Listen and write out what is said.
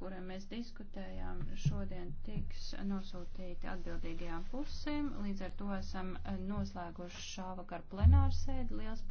kuriem mēs diskutējām, šodien tiks nosūtīti atbildīgajām pusēm. Līdz ar to esam noslēguši šā vakar plenārsēdi. Liels